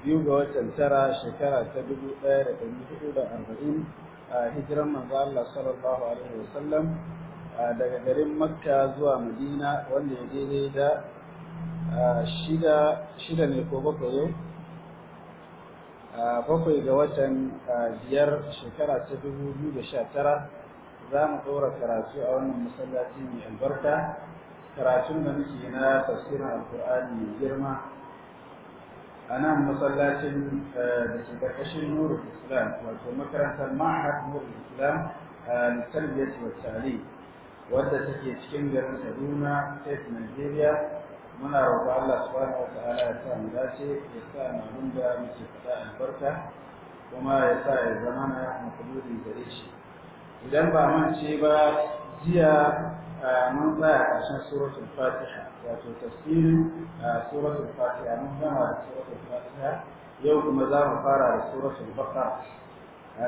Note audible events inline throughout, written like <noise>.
biyu ga watan tara shekara ta dubu ɗaya da ɗari hudu da arba'in a hijiran manzo Allah sallallahu alaihi sallam daga garin Makka zuwa Madina wanda ya daidai da shida shida ne ko bakwai yau bakwai ga watan biyar shekara ta dubu biyu da sha tara za mu ɗora karatu a wannan masallaci mai albarka karatun da muke na tafsirin alkur'ani mai girma a nan masallacin eh, da ke ƙarƙashin nurul islam wato makarantar ma'ahad nurul islam eh, a talbiyat wa wanda wadda take cikin garin Kaduna state Nigeria muna roƙon Allah subhanahu wa ta'ala ya sa mu dace ya sa mu da muke faɗa albarka kuma ya sa ya zama na makaburi gare shi idan ba mance ba jiya mun tsaya ƙarshen suratul fatiha wato tafsirin suratul fatiha mun gama da suratul fatiha yau kuma za mu fara da suratul baqara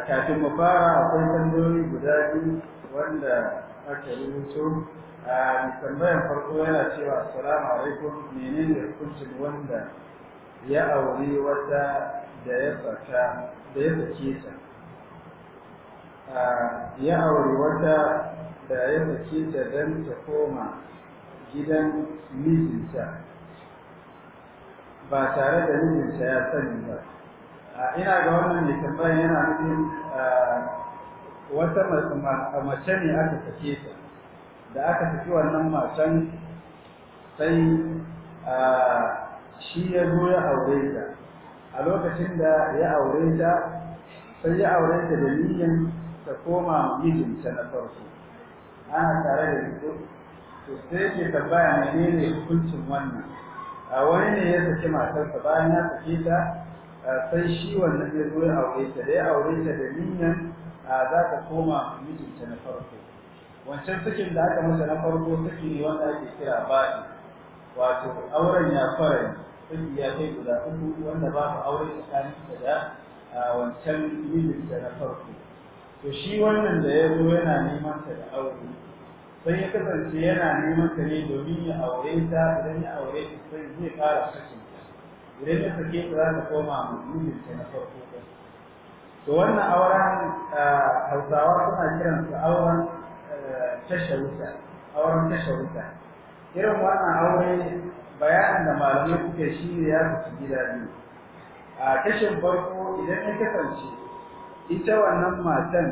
kafin mu fara akwai tambayoyi guda biyu wanda aka rubuto a tambayar farko yana cewa assalamu alaikum menene hukuncin wanda ya auri wata da ya saka da ya sake ta ya auri wata da ya sake ta don ta koma gidan mijinta ba tare da mijinta ya sani ba ina ga wannan mai tambayan yana nufin wata mace ne aka sake ta da aka saki wannan macen sai shi ya zo ya aure ta a lokacin da ya aure ta sai ya aure ta da niyyar ta koma mijinta na farko ana tare da su to sai ke tambaya menene hukuncin wannan a wani ne ya saki matarsa bayan ya sake ta sai shi wannan ya zo ya aure ta da ya aure ta da niyyar za ta koma mijinta na farko wancan sakin da aka masa na farko saki ne wanda ake kira ba'i wato auren ya fara saki ya kai guda uku wanda babu aure tsakaninsa da wancan mijinta na farko to shi wannan da ya zo yana neman ta da aure sai ya kasance yana neman ta ne domin ya aure ta idan ya aure ta sai zai fara sakin idan ya sake ta za ta koma mutumin ta na farko to wannan auren hausawa suna kiransa auren tashar wuta auren tashar wuta irin wannan aure bayanin da malamai suke shi ne ya fi gida biyu a tashar farko idan ya kasance ita wannan matan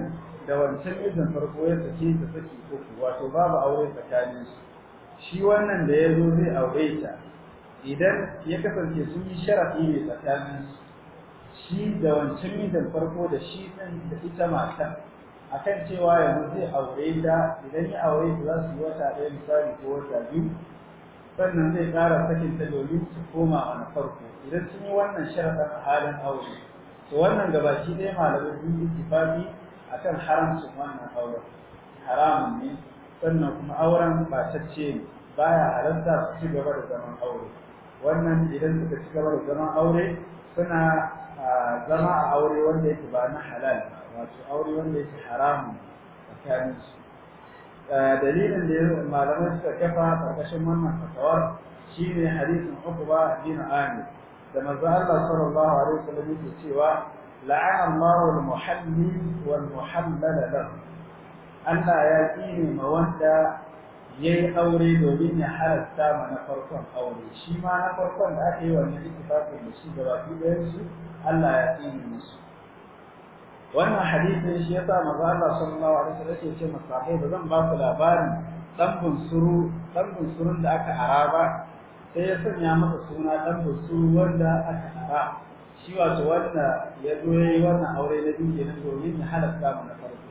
da wancan izin farko ya sake ta saki uku wato babu aure tsakanin su shi wannan da ya zo zai aure ta idan ya kasance sun yi sharafi ne tsakanin su shi da wancan izin farko da shi ɗin da ita matan akan cewa yanzu zai aure ta idan ya aure ta za su yi wata ɗaya misali ko wata biyu sannan zai ƙara sakin ta domin su koma wani farko idan sun yi wannan sharafin a halin aure wannan gabaki ɗaya malamai sun ittifaqi akan haramcin wannan auren haramun ne sannan kuma auren ba tacce ne baya halarta su ci gaba da zaman aure wannan idan suka ci gaba da zaman aure suna zama a aure wanda yake ba na halal wato aure wanda yake haramun tsakanin su dalilin da ya malamai suka kafa ƙarƙashin wannan fatawar shine hadisin uku Uqba bin Amir da manzo Allah sallallahu alaihi wasallam yake cewa la'ana Allahu al-muhalli Allah ya tsine ma wanda yayi aure domin ya harasta ma na farkon aure shi ma na farkon da aka yi wannan ittifaqin da shi da baki ɗayan su Allah ya tsine musu wannan hadisin shi yasa manzo Allah sallallahu zan ba labarin dan bunsuru da aka araba sai ya sanya masa suna dan busu wanda aka hara shi wato wanda ya zo yayi wannan aure na biyu na domin ya halatta mu na farko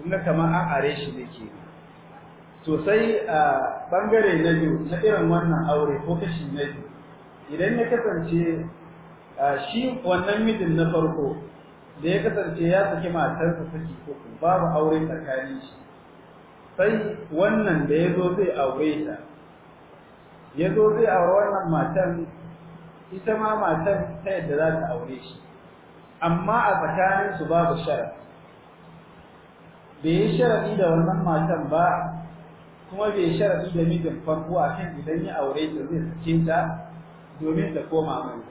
tun da kamar an are shi da ke. Sosai a bangare na biyu na irin wannan aure ko kashi na biyu idan ya kasance shi wannan mijin na farko da ya kasance ya saki matarsa saki ko babu aure tsakanin shi sai wannan da ya zo zai aure ta ya zo zai aure wannan matan ita ma matan ta yadda za ta aure shi amma a tsakanin su babu sharaf bai yi sharafi da wannan matan ba kuma bai yi sharafi da mijin farko a kan idan ya aure ta zai sake ta domin ta koma mai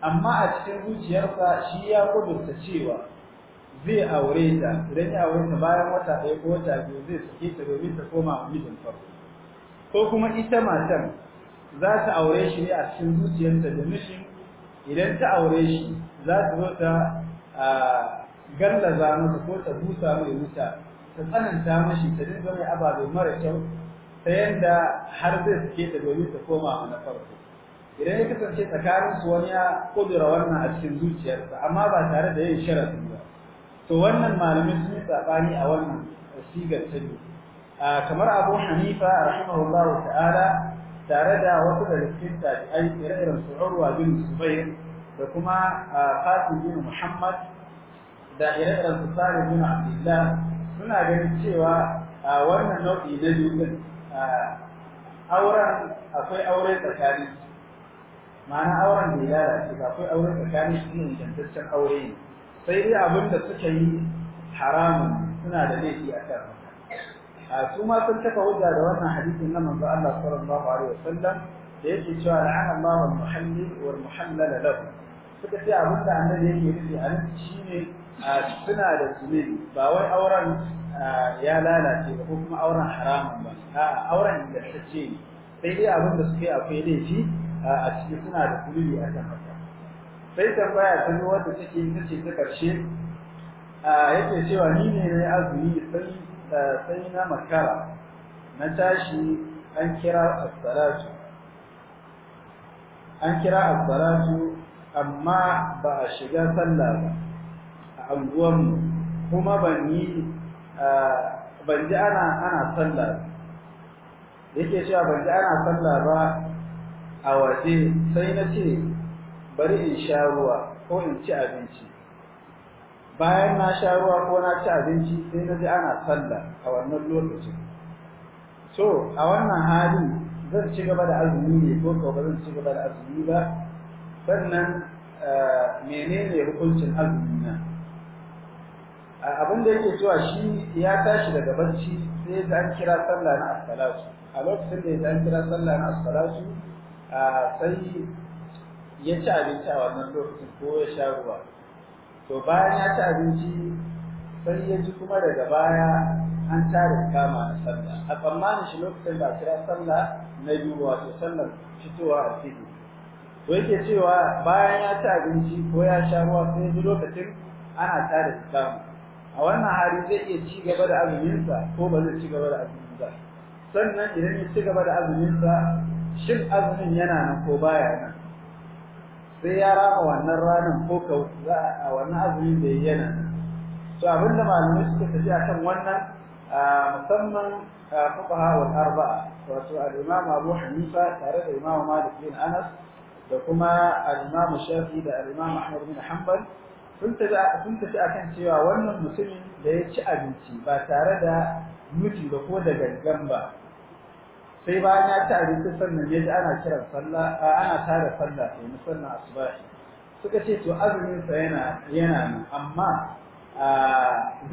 amma a cikin zuciyarsa shi ya kudurta cewa zai aure ta idan ya aure ta bayan wata ɗaya ko wata biyu zai sake ta domin ta koma mijin farko ko kuma ita matan za ta aure shi ne a cikin zuciyarta da mishin idan ta aure shi za ta zo ta gallaza masa ko ta busa mai wuta ta tsananta mashi ta dinga mai ababe mara kyau ta yadda har zai suke ta domin ta koma na farko idan ya kasance tsakanin su wani ya kudura wannan a cikin zuciyarsa amma ba tare da yin sharafi ba to wannan malamin sun yi tsabani a wannan sigar ta kamar Abu Hanifa rahimahullahu ta'ala tare da wasu da rikin da ire-iren su Urwa bin Zubair da kuma Qasim bin Muhammad da ire-iren su Salim bin Abdullah suna ganin cewa wannan nau'i na biyu auren akwai aure tsakani ma'ana auren da ya lalace akwai aure tsakani shi ne ingantaccen aure ne sai dai abin da suka yi haramun suna da laifi a kan su ma sun taka hujja da wannan hadisin na manzo Allah sallallahu alaihi wasallam da yake cewa la'ana Allah wal muhalli wal muhallala lahu suka ce abin da annabi yake nufi a nan shine suna da zunubi ba wai auren ya lalace ba ko kuma auren haramun ba a'a auren ingantacce ne sai dai abin da suke akwai laifi a ciki suna da zunubi a kan haka sai tambaya ta zo wadda take ta ce ta karshe yake cewa ni ne na azumi sai sai na makara na tashi an kira as an kira as amma ba a shiga sallah ba a anguwanmu kuma ban yi ji ana ana sallah ke cewa ban ji ana sallah ba a waje sai na ce bari in sha ruwa ko in ci abinci bayan na sha ruwa ko na ci abinci sai na ji ana sallah a wannan lokacin so a wannan hali zan ci gaba da azumi ne ko ko ba zan ci gaba da azumi ba sannan eh, menene hukuncin azumi na abin da yake cewa shi ya tashi daga barci sai da an kira sallah na as-salatu a lokacin da an kira sallah na as-salatu eh, sai ya ci abinci a wannan lokacin ko ya sha ruwa to bayan ya ci abinci sai ya ji kuma daga baya an tare kama a sallah a tsammanin shi lokacin da kira sallah na biyu wato sallar fitowa a fili to yake cewa bayan ya ci abinci ko ya sha ruwa sai ji lokacin ana tare kama a wannan hali zai iya ci gaba da azuminsa ko ba zai ci gaba da azuminsa sannan idan ya ci gaba da azuminsa shin azumin yana nan ko baya nan sai ya rama wannan ranar ko ka za a wannan azumin da yana to abin da malamai suka tafi akan wannan musamman fuqaha wal arba'a wato al-imam Abu Hanifa tare da imam Malik bin Anas da kuma al-imam Shafi da al-imam Ahmad bin Hanbal sun tafi sun tafi akan cewa wannan mutumin da ya ci abinci ba tare da miji ba ko da gangan ba sai bayan ya ci abinci sannan ya ji ana kiran sallah ana tare sallah to musanna sannan suka ce to azumin sa yana yana amma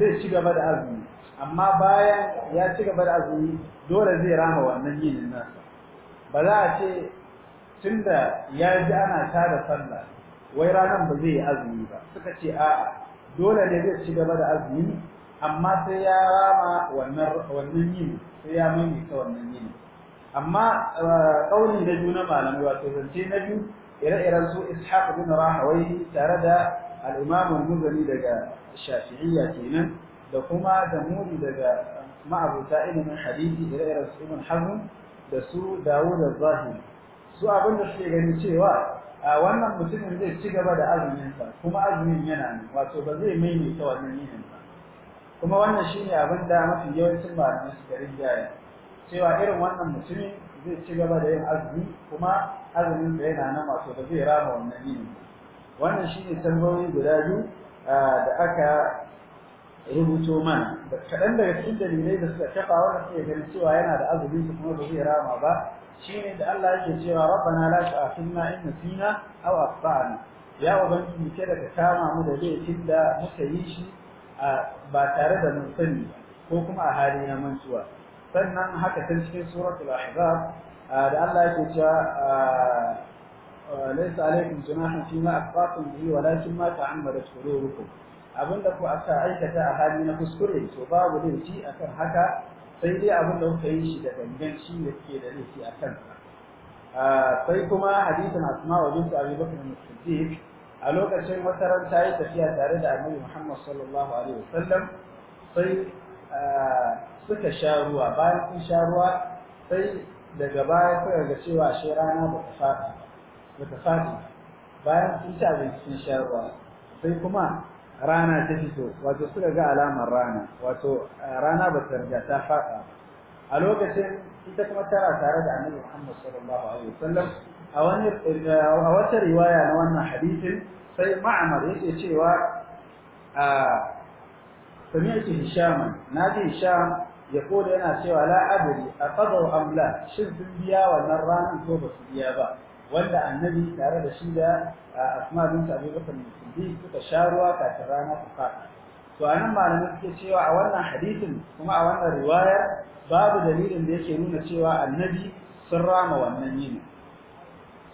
zai ci gaba da azumi amma bayan ya ci gaba da azumi dole zai rama wannan yinin nasa ba za a ce tunda ya ji ana tare sallah wai ranar ba zai yi azumi ba suka ce a'a dole ne zai ci gaba da azumi amma sai ya rama wannan wannan sai ya maimaita wannan yin. amma kaulin da juna malamai wato zance na biyu ire-iren su ishaq bin rahawai tare da al al-muzani daga shafi'iyya kenan da kuma da muni daga ma'abuta ilimin hadisi ire-iren su ibn hazm da su dawud al su abin da suke gani cewa wannan mutumin zai ci gaba da azuminsa kuma azumin yana ne wato ba zai maimaita wannan yinin ba kuma wannan shine abin da mafi yawancin malamai suka rinjaya cewa irin wannan mutumin zai ci gaba da yin azumi kuma azumin da yana nan wato da zai rama wannan yini wannan shi ne tambayoyi guda biyu da aka rubuto mana da kaɗan daga cikin dalilai da suka kafa wannan suke ganin cewa yana da azumi su kuma ba zai rama ba shine da Allah yake cewa rabbana la tu'akhidna in nasina aw akhtana ya ubangiji kada ka kama mu da laifin da muka yi shi ba tare da mun sani ko kuma a hali na mantuwa sannan haka tun cikin suratul ahzab ah, da Allah yake cewa ah, ah, laysa alaykum junahun fima aqatum bihi walakin ma ta'ammadat qulubukum abinda ku aka aikata a hali na kuskure to babu laifi akan haka sai dai da kuka yi shi da danganci da ke da laifi akan sa sai kuma hadisin asma'u bint abi bakr as-siddiq a lokacin wata ran ta yi tafiya tare da annabi Muhammad sallallahu alaihi wasallam sai suka sha ruwa bayan sun sha ruwa sai daga baya suka ga cewa shi rana ba ta faɗi ba ta faɗi bayan sun ci abinci sun sha ruwa sai kuma rana ta fito wato suka ga alamar rana wato eh, rana ba ta riga ta faɗa a lokacin ita kuma tara tare da annabi Muhammad sallallahu alaihi wasallam a wani eh, a wata riwaya na wannan hadisin sai Ma'mar yake cewa a ah, sami'tu Hisham naji Hisham ya koda yana cewa la a aqadaw am shi shin biya wannan ranar ko ba su biya ba wanda annabi tare da shi da asma bint abi bakr siddiq suka ruwa kafin rana ta fada to anan malamai suke cewa a wannan hadisin kuma a wannan riwaya babu dalilin da yake nuna cewa annabi sun rama wannan yini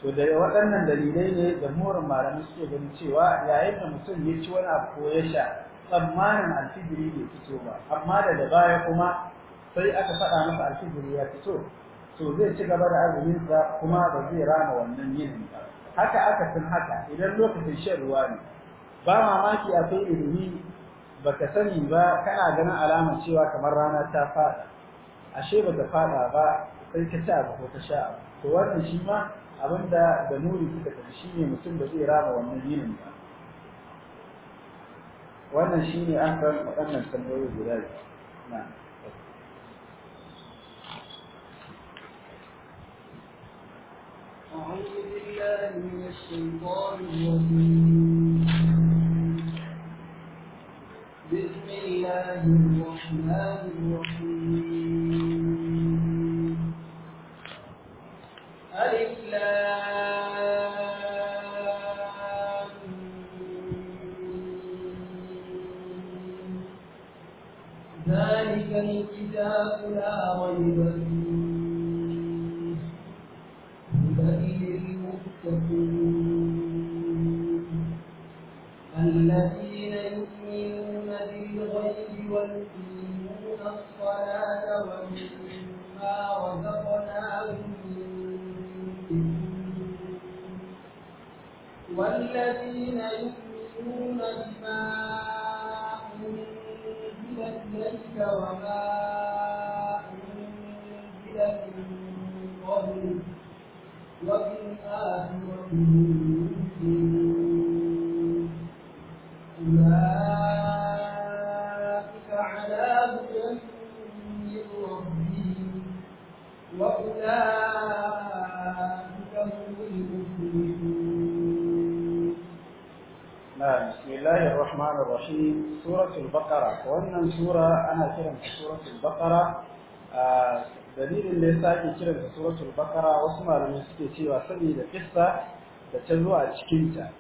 to da waɗannan dalilai ne da murin malamai suke ganin cewa yayin da mutum ya ci wani abu ko ya sha tsammanin alfijiri bai fito ba amma daga baya kuma sai aka faɗa masa alfijiri ya fito to zai ci gaba da azumin sa kuma ba zai rama wannan yin ba haka aka tun haka idan lokacin shan ruwa ne ba mamaki akwai ilimi baka sani ba kana ganin alama cewa kamar rana ta fada ashe ba baka faɗa ba sai ka ci ko ta sha to wannan shi ma abinda da nuri suka tafi shine mutum ba zai rama wannan yinin ba wannan shi ne an san waɗannan tambayoyi guda biyu na أعوذ بالله من الشيطان الرجيم بسم الله الرحمن الرحيم والذين يؤمنون بما أنزل إليك وما أنزل من قبلك وبالآخرة الرحمن الرحيم سورة البقرة وأن سورة أنا كرم سورة dalilin da ya sake kiran da suratul bakara wasu malamai suke cewa sabida kissa da ta zo a cikinta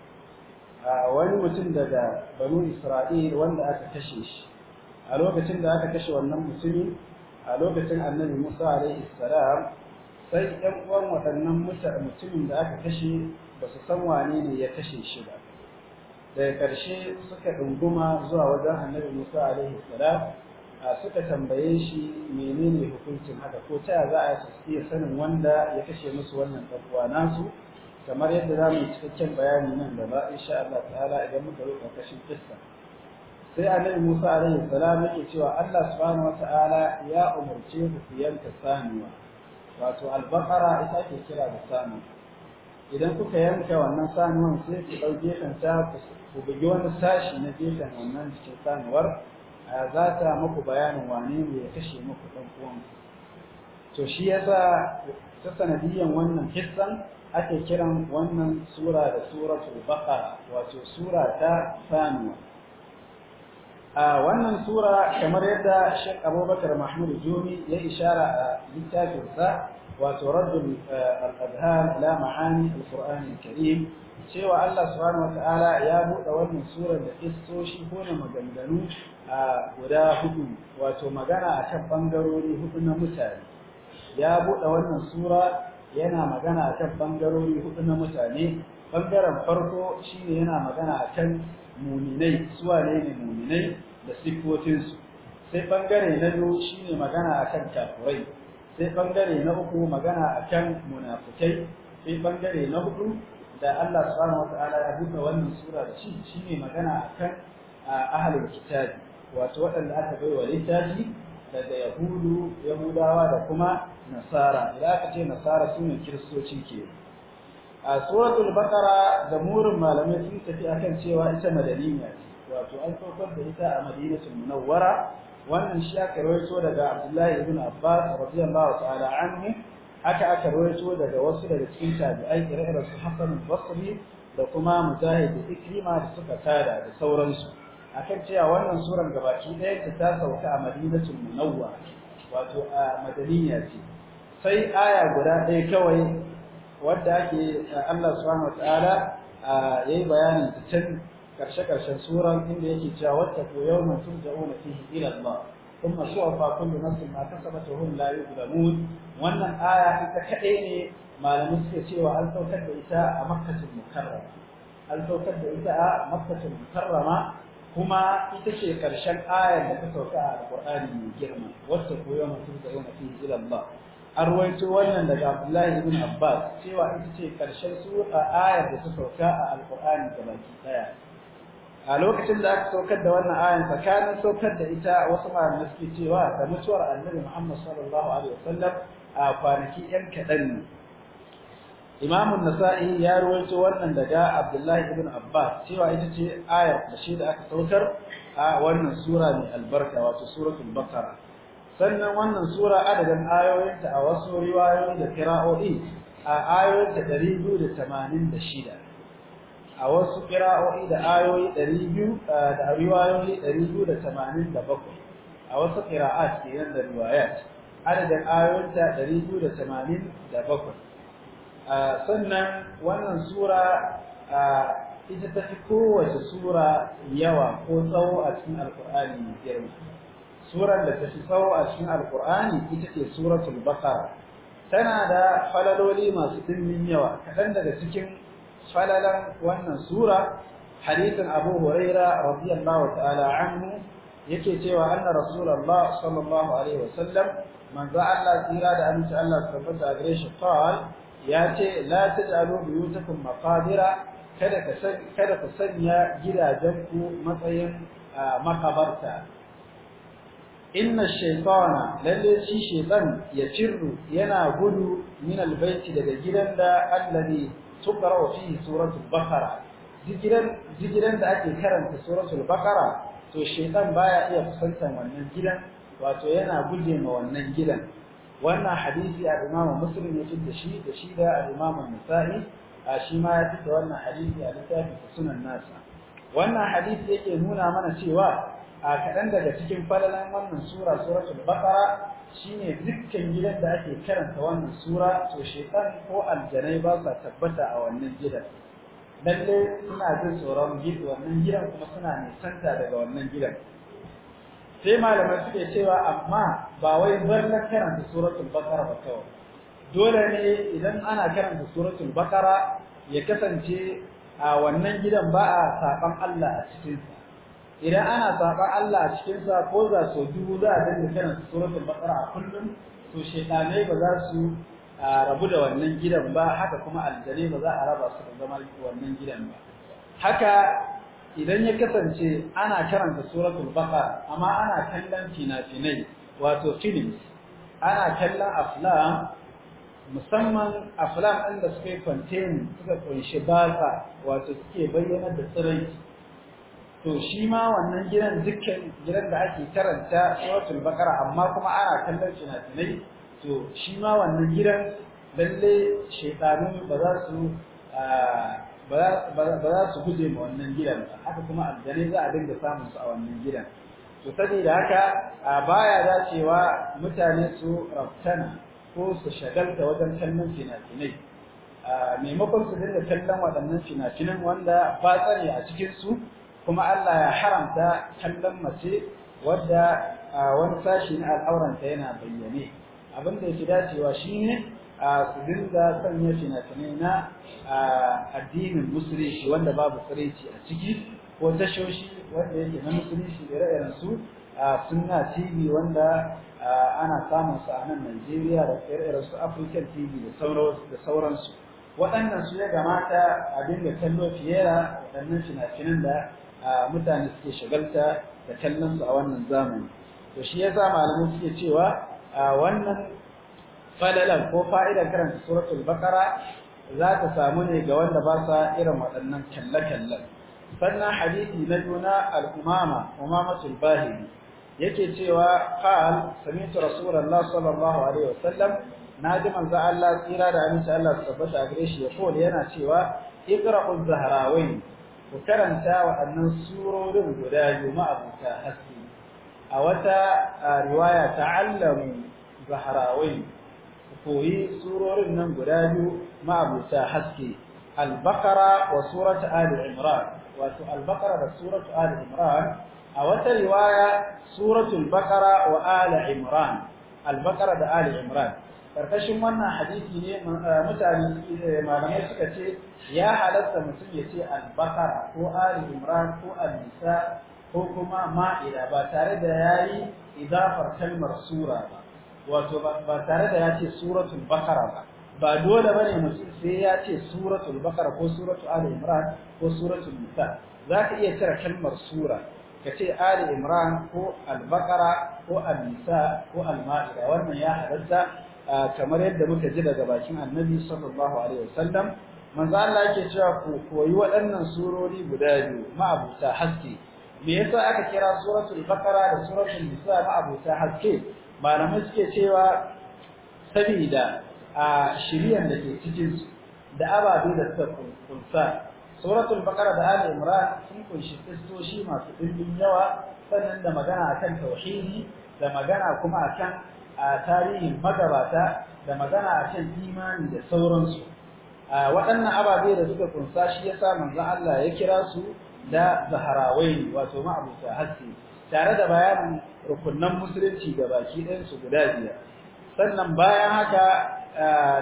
wani mutum daga banu isra'il wanda aka kashe shi a lokacin da aka kashe wannan mutumi a lokacin annabi musa alaihi salam sai ɗan uwan waɗannan mutumin da aka kashe ba su san wane ne ya kashe shi ba daga ƙarshe suka ɗunguma zuwa wajen annabi Musa alaihi salam suka tambaye shi menene hukuncin haka ko ta za a iya sanin wanda ya kashe musu wannan ɗan'uwa nasu kamar yadda za mu yi cikakken bayani nan in sha Allah ta'ala idan muka zo ƙarƙashin kissa sai annabi Musa alaihi salam yake cewa Allah subhanahu ya umarce ku ku yanka Saniwa, wato albaqara ita ake kira da saniya idan kuka yanka wannan sanuwan sai ku ɗau kanta ku ku bugi wani sashi na gefen wannan cikin sanuwar a za ta muku bayanin wane ne ya kashe muku ɗan to shi yasa ta sanadiyyan wannan hissan ake kiran wannan sura da suratul baqara wato sura ta sanuwa a wannan sura kamar yadda shek Abubakar Mahmud Jumi ya ishara a littafinsa Wato وترد الأذهان على معاني القرآن الكريم cewa Allah subhanahu wataala ya buɗe wannan surar da kistoshi ko na maganganu a guda hudu wato magana a kan ɓangarori hudu na mutane ya buɗe wannan sura yana magana a kan ɓangarori hudu na mutane ɓangaren farko shine yana magana a kan muminai su ne ne muminai da siffofinsu sai ɓangare na biyu shine magana a kan kafurai sai bangare na uku magana a akan munafikai sai bangare na hudu da Allah subhanahu ta'ala ya buɗe wannan sura da shi shine magana akan ahlul kitabi wato waɗanda aka bai wa littafi daga yahudu yahudawa da kuma nasara idan aka ce nasara sunan kiristoci ke a suratul baqara da murin malamai sun tafi akan cewa ita madaniya ce wato an tsofar da ita a madinatul munawwara wannan shi aka rawaito daga Abdullahi ibn Abbas radiyallahu ta'ala anhu haka aka rawaito daga wasu daga cikin tabi'ai ire-iren su Hassan al-Basri da kuma Mujahid Ikrima da suka tada da sauransu akan cewa wannan suran gabaki ɗaya ta sauka a Madinatul Munawwara wato a madaniya ce sai aya guda ɗaya kawai wadda ake Allah subhanahu wataala yayi bayanin ta karshe karshen suran inda yake cewa wattaqu yawman turja'una fihi ila Allah thumma tuwaffa kullu nafsin ma kasabat wa hum da yuzlamun wannan aya ita kaɗai ne malamai suke cewa an saukar da ita a Makkatul Mukarrama an saukar da ita a Makkatul Mukarrama kuma ita ce karshen Aya da ta sauka a Al-Qur'ani mai girma wattaqu yawman turja'una fihi ila Allah an ruwaito wannan daga Abdullahi ibn Abbas cewa ita ce karshen su a ayar da ta sauka a Alƙur'ani gabaki ɗaya a lokacin da aka saukar da wannan ayan tsakanin saukar da ita wasu malamai suke cewa da mutuwar annabi Muhammad sallallahu alaihi wasallam a kwanaki yan kaɗan ne Imam nasai ya rawaito wannan daga Abdullah ibn Abbas cewa ita ce ayar da shi da aka saukar a wannan sura mai albarka wato suratul Baqara sannan wannan sura adadin ayoyinta a wasu riwayoyi da kira'o'i a da 286 a wasu ƙira'o'i da ayoyi 200 da riwayoyi 287 a wasu ƙira'at kenan da riwayat adadin ayoyinta 287 sannan wannan sura ita ta fi kowace sura yawa ko tsawo a cikin alkur'ani mai girma suran da ta fi tsawo a cikin alkur'ani ita ce suratul baqara tana da falaloli masu dimbin yawa kaɗan daga cikin falalan wannan sura hadisin Abu Huraira radiyallahu ta'ala anhu yake cewa anna rasulullah sallallahu alaihi wasallam manzo Allah tsira da aminci Allah tabbata gare shi qal ya ce la taj'alu biyutakum maqabira kada ka kada ka sanya gidajenku matsayin makabarta inna shaytana lalle shi shaytan ya cirru yana gudu min albayti daga gidan da allazi تقرأ فيه سورة البقرة ذكرًا ذكرًا ذاك كرنت سورة البقرة تو الشيطان بايا iya kusantan wannan gidan wato yana guje ma wannan gidan wannan hadisi a imam Muslim ya fitta shi da shi da al-Imam Nasa'i shi ma ya fitta wannan hadisi a littafin Sunan Nasa wannan hadisi yake nuna mana cewa a kaɗan daga cikin falalan wannan sura suratul baqara shine dukkan gidan da ake karanta wannan sura to shaitan ko aljanai ba sa tabbata a wannan gidan lalle suna jin tsoron wannan gidan kuma suna nisanta daga wannan gidan sai malamai suke cewa amma ba wai barna karanta suratul baqara ba kawai dole ne idan ana karanta suratul baqara ya kasance a wannan gidan ba a saban Allah a cikinsa idan ana saɓar Allah cikin sa ko za su dubu za a dinga kana suratul baqara kullum to shaytanai ba za su rabu da wannan gidan ba haka kuma aljane ba za a raba su da zama wannan gidan ba haka idan ya kasance ana karanta suratul baqara amma ana kallon fina-finai wato films ana kallon aflam musamman aflam ɗin da suka yi suka kunshi batsa wato suke bayyana da tsirai to shi ma wannan gidan dukkan gidan da ake karanta suratul baqara amma kuma ana kallon fina-finai to shi ma wannan gidan lalle shaytanu ba za su ba guje ma wannan gidan haka kuma aljanai za a dinga samun su a wannan gidan to saboda haka baya dacewa mutane su raftana ko su shagalta wajen kallon fina-finai maimakon su dinga kallon waɗannan fina-finan wanda ba tsare a cikin su kuma Allah ya haramta kallon mace wadda wani sashi na al'auranta yana bayyane abin da yake dacewa shine su dinga sanya fina-finai na addinin musulunci wanda babu tsiraici a ciki ko tashoshi wanda yake na musulunci ire-iren tv wanda ana samun su a nan Najeriya da ire-iren African TV da sauransu waɗannan su ya gamata a dinga kallo fiye da waɗannan fina-finan da mutane suke shagalta da kallon su a wannan zamani to shi yasa malamai suke cewa wannan falalan ko fa'idan karanta suratul bakara za ta samu ne ga wanda ba sa irin waɗannan kalle-kallen sannan hadisi na juna alumama umama umamatul bahili yake cewa qal sami'tu rasulullah sallallahu alaihi wasallam naji manzo Allah tsira da aminci Allah tabbata a gare shi ya kowane. yana cewa Zahra zahrawain وكرنتا وأن السورة لنقل يوم أبوك حسي أوتا آه، رواية تعلم بحراوي فهي سورة لنقل يوم أبوك حسي البقرة وسورة آل عمران والبقرة وسورة آل عمران أوتا رواية سورة البقرة وآل عمران البقرة آل عمران karkashin wannan hadisi ne eh, mutane eh, malamai suka ce ya halatta mutum ya ce al ko ali imran ko Alisa, ko kuma ma'ida ba tare da yi idafar kalmar sura ba wato ba tare da ya ce suratul baqara ba ba dole bane mutum sai ya ce suratul bakara ko suratul ali imran ko suratul nisa zaka iya cire kalmar sura ka ce ali imran ko albakara ko Alisa, ko al-ma'ida wannan ya halatta kamar yadda muka ji daga bakin annabi sallallahu alaihi wasallam manzo Allah yake cewa ku koyi waɗannan surori guda biyu ma'abuta haske me yasa aka kira suratul baqara da suratul nisa ma'abuta haske malamai suke cewa saboda a shiriyan da ke cikin su da ababe da suka kunsa suratul baqara da ali imran sun kunshi kristoshi masu dimbin yawa sannan da magana akan tauhidi da magana kuma akan a tarihin magabata da magana a kan imani da sauransu waɗannan ababe da suka kunsa shi ya sa manzon Allah ya kira su da zaharawai wato ma'abuta haske tare da bayanin rukunin musulunci ga baki ɗayansu guda biyar sannan bayan haka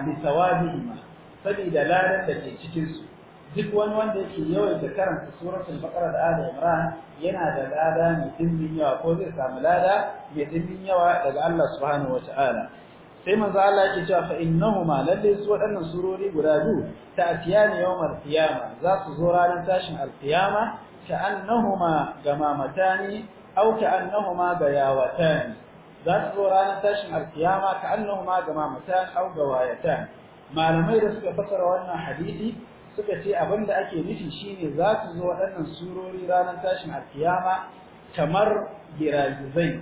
lisawabi ma saboda ladan da ke cikinsu duk wani wanda yake yawaita karanta suratul baqara da ali imran yana da lada mai dimbin yawa ko zai samu lada mai dimbin yawa daga Allah subhanahu wataala sai manzo Allah yake cewa fa innahuma lalle su waɗannan surori guda biyu ta'tiyani yawmal qiyama za su zo ranar tashin alqiyama ka'annahuma gamamatani aw ka'annahuma gayawatani za su zo ranar tashin alqiyama ka'annahuma gamamatani aw gawayatani malamai da suka fassara wannan hadisi suka ce abinda ake nufi shine za su zo waɗannan surori ranar tashin alkiyama kamar giragizai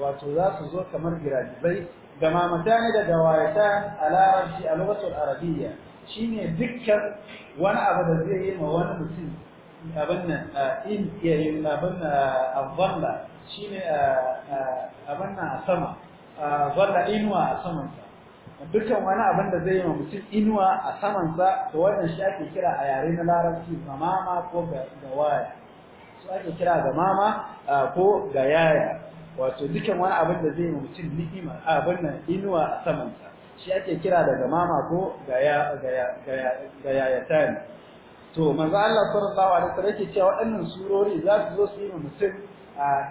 wato za su zo kamar giragizai gama mutane da gawayata a larabci a lokacin arabiya shine dukkan wani abu da zai yi ma wani mutum abin nan in abin avalla shine abin nan a sama avalla inuwa a samansa dukkan wani abin da zai yi wa mutum inuwa a samansa to wannan shi ake kira a yare na larabci ga mama, ko ga waya? su ake kira ga mama ko ga yaya? wato dukkan wani abin da zai yi wa mutum ni'ima abin nan inuwa a samansa shi ake kira da mama ko ta ne to manzo Allah sallallahu alaihi wasallam yake cewa waɗannan surori za su zo su yi wa mutum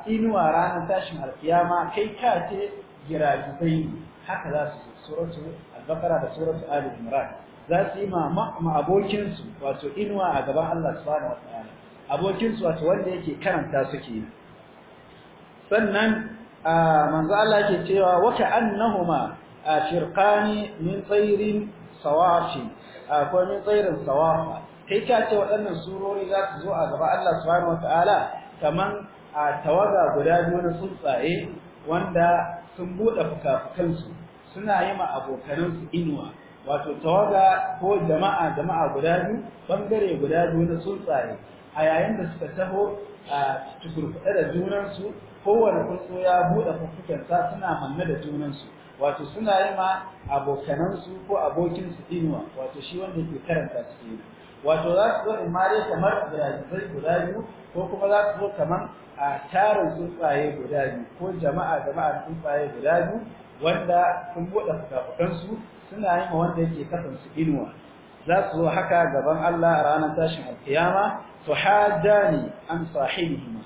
inuwa ranar tashin alkiyama kai ka ce girajizai haka za su zo suratu al-baqara da suratu ali imran za su yi ma abokin su wato inuwa a gaban Allah subhanahu wataala abokin su wato wanda yake karanta su ke sannan manzo Allah yake cewa wa ka'annahuma firqani min tsairin sawafi ko min tsairin sawafa kai ka ce waɗannan surori za su zo a gaba Allah subhanahu wataala kaman a tawaga guda biyu na tsuntsaye wanda sun buɗe fukafukansu suna yi ma abokanansu inuwa wato tawaga ko jama'a jama'a guda biyu bangare guda biyu na tsuntsaye a yayin da suka taho a tukurkuɗe da junansu kowane kurso ya buɗe fuffukensa suna manne da junansu wato suna yi ma abokanansu ko abokinsu inuwa wato shi wanda ke karanta su wato za su zo in ma dai kamar birajizai guda biyu ko kuma za su zo kamar a tarin tsuntsaye guda biyu ko jama'a jama'a tsuntsaye guda biyu wanda sun buɗe fukafukansu suna yi ma wanda yake kasansu inuwa za su zo haka gaban Allah a ranar tashin alkiyama su hajjani an sahibihima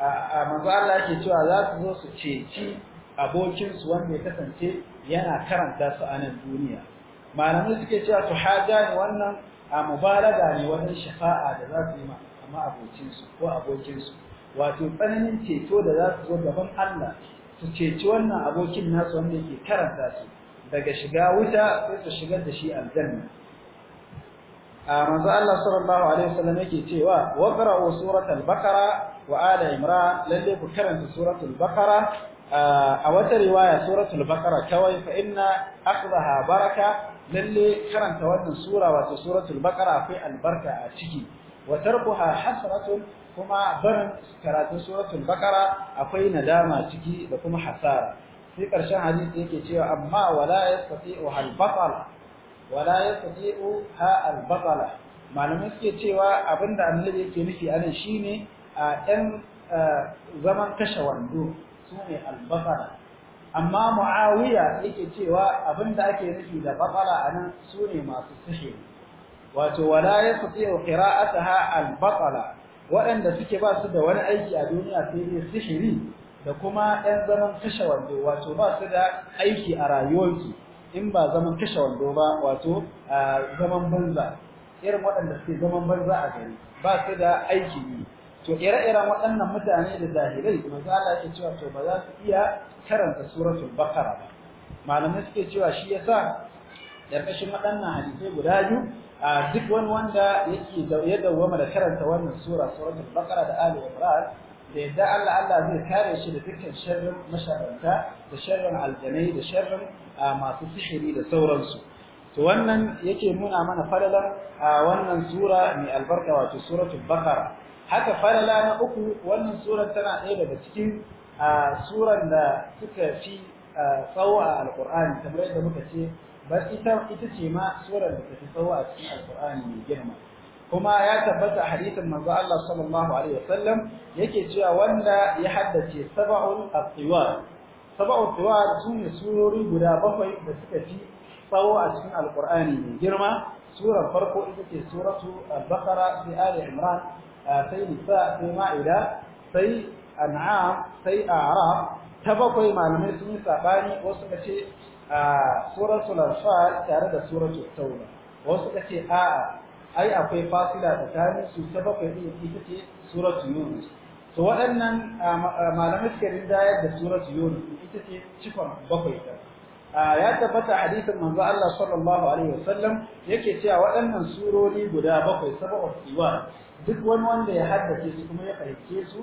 a manzo Allah yake cewa za su zo su ceci abokinsu wanda ya kasance yana karanta su a nan duniya malamai suke cewa su hajjani wannan a mubalaga ne wajen shafa'a da za su yi ma abokinsu ko abokinsu wato tsananin ceto da za su zo gaban Allah su ceci wannan abokin nasu wanda yake karanta su daga shiga wuta sai su shigar da shi aljanna a manzo Allah sallallahu alaihi wasallam yake cewa wa qra'u suratul baqara wa ala imran lalle ku karanta suratul baqara a wata riwaya suratul baqara kawai fa inna akhdaha baraka lalle karanta wannan sura wato suratul baqara akwai albarka a ciki wa hasratun kuma barin karatun suratul bakara akwai nadama ciki da kuma hasara sai karshen hadisi yake cewa amma wala yastati'u hal batal wala yastati'u ha al malamai suke cewa abinda annabi yake nufi anan shine a ɗan zaman kashe wando sune al amma muawiya yake cewa abinda ake nufi da batala anan sune masu sihiri wato wala yastati'u qira'ataha al-batala waɗanda suke ba su da wani aiki a duniya sai dai sihiri da kuma ɗan zaman kashe wando wato ba su da aiki a rayuwarsu in ba zaman kashe wando ba wato zaman banza irin waɗanda suke zaman banza a gari ba su da aiki ne to ire-iren waɗannan mutane da jahilai za a yake cewa to ba za su iya karanta suratul bakara ba malamai suke cewa shi yasa ƙarƙashin waɗannan hadisai guda biyu a duk wani wanda yake ya dawwama da karanta wannan sura suratul baqara da ali imran da yadda Allah Allah zai kare shi da dukkan sharrin masharanta da sharrin aljanai da sharrin masu sihiri da sauransu to wannan yake nuna mana fadalan a wannan sura mai albarka wato suratul baqara haka falala na uku wannan sura tana ɗaya daga cikin suran da suka fi tsawo a alqur'ani kamar yadda muka ce bar ita ita ce ma surar da tafi tsawo a cikin alqur'ani mai girma kuma ya tabbata hadisin manzo Allah sallallahu alaihi wasallam yake cewa wanda ya haddace sab'ul atwar sab'ul atwar sune surori guda bakwai da suka fi tsawo a cikin alqur'ani mai girma surar farko ita ce suratu al-baqara fi ali imran sai nisa sai ma'ida sai an'am sai a'raf ta bakwai malamai sun yi sabani wasu kace a suratul anfal tare da suratul tauba wasu kace a'a ai akwai fasila tsakanin su ta bakwai din ita ce suratul yunus to waɗannan malamai suke rinjayar da suratul yunus ita ce cikon bakwai ta ya tabbata hadisin manzo Allah sallallahu alaihi wasallam yake cewa waɗannan surori guda bakwai sab'u tiwa duk wani wanda ya haddace su kuma ya fahimce su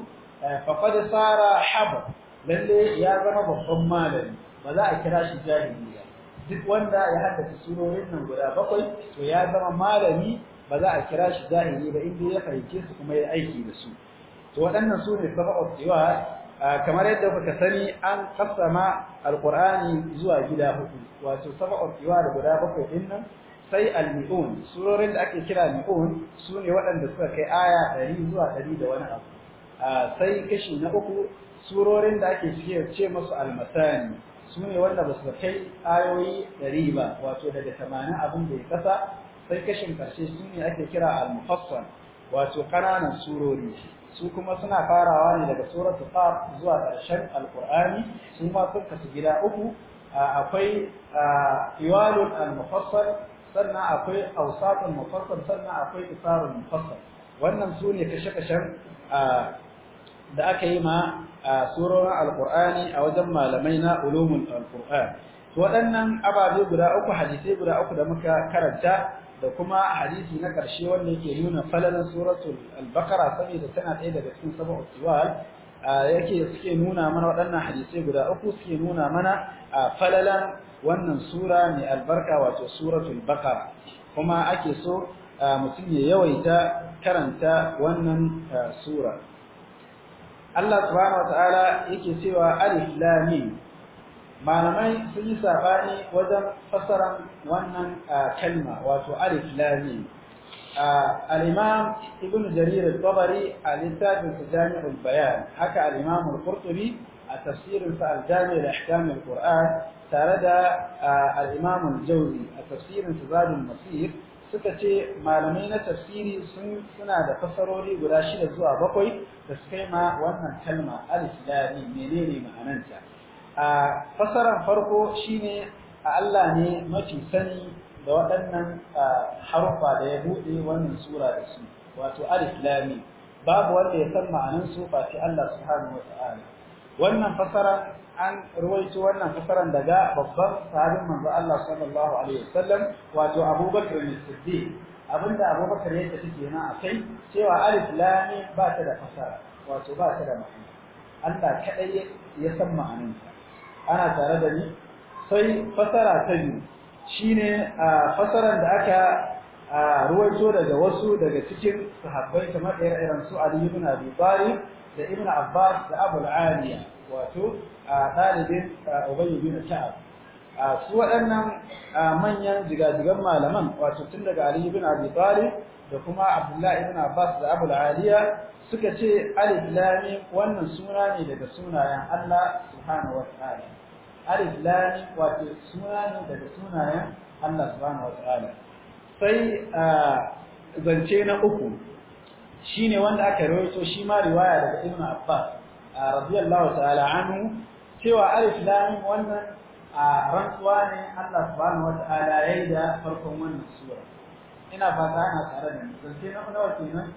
qad sara haba lalle ya zama babban malami ba za a kira shi jahili ba duk wanda ya haddace surorin nan guda bakwai to ya zama malami ba za a kira shi jahili ba inda ya fahimce su kuma ya aiki da su to waɗannan su ne sabab cewa kamar yadda kuka sani an kasama alqur'ani zuwa gida hudu wato sabab cewa da guda bakwai din nan sai al-mi'un surorin da ake kira mi'un su ne waɗanda suka kai aya 100 zuwa 100 da wani abu sai kashi na uku surorin da ake ce musu al su ne wanda ba su kai ayoyi ɗari ba wato daga tamanin abin da ya kasa sai kashin ƙarshe su ne ake kira al-mufassal wato ƙananan surori su kuma suna farawa ne daga suratul qaf zuwa ƙarshen alqur'ani su ma sun kasu gida uku akwai iwalul al-mufassal sannan akwai awsatul mufassal sannan akwai isarul mufassal wannan su ne kashe-kashen da aka yi ma a surorin alqur'ani a wajen malamai na ulumun Alƙur'an. waɗannan ababe guda uku hadisai guda uku da muka karanta da kuma hadisi na ƙarshe wanda yake nuna falalan suratul albakara baqara saboda tana ɗaya daga cikin sab'ut tiwal yake suke nuna mana waɗannan hadisai guda uku suke nuna mana a falalan wannan sura mai albarka wato suratul bakara kuma ake so mutum ya yawaita karanta wannan sura Allah subhanahu wataala yake cewa alif lam mim malamai sun yi sabani wajen fasaran wannan kalma wato alif lam mim al-imam ibn jarir al-tabari a littafin jami' bayan haka al-imam al-qurtubi a tafsirin sa al-jami' al-ahkam al-qur'an tare da al-imam al-jawzi a tafsirin sa zadul masir suka ce malamai na tafsiri sun suna da fasarori guda shida zuwa bakwai da suka yi ma wannan kalma al-islami menene ma'ananta a fasaran farko shine Allah ne mafi sani da waɗannan harufa da ya buɗe wannan sura da su wato al babu wanda ya san ma'anan su face Allah subhanahu wata'ala wannan fasara an ruwaito wannan fasaran daga babban sahabin manzo Allah sallallahu alaihi wasallam wato Abubakar as-Siddiq abinda Abubakar yake tafi kenan akai cewa alif lam ba ta da fasara wato ba ta da ma'ana Allah kadai ya san ma'anin ana tare da ni sai fasara ta biyu shine fasaran da aka ruwaito daga wasu daga cikin sahabbai kamar irin su Ali ibn Abi Talib da ibn abbas da abu aliya wato a talibin Ubayy bin ka'ab su waɗannan manyan jigajigan malaman wato tun daga ali ibn abi talib da kuma abdullahi ibn abbas da abu aliya suka ce alif lam wannan suna ne daga sunayen Allah subhanahu wataala alif lam wato suna ne daga sunayen Allah subhanahu wataala sai zance na uku shine wanda aka rawaito shi ma riwaya daga Ibn Abbas radiyallahu ta'ala anhu cewa alif lam wannan rantsuwa ne Allah subhanahu wata'ala yi da farkon wannan sura ina fata ana tare da ni zance na nawa kenan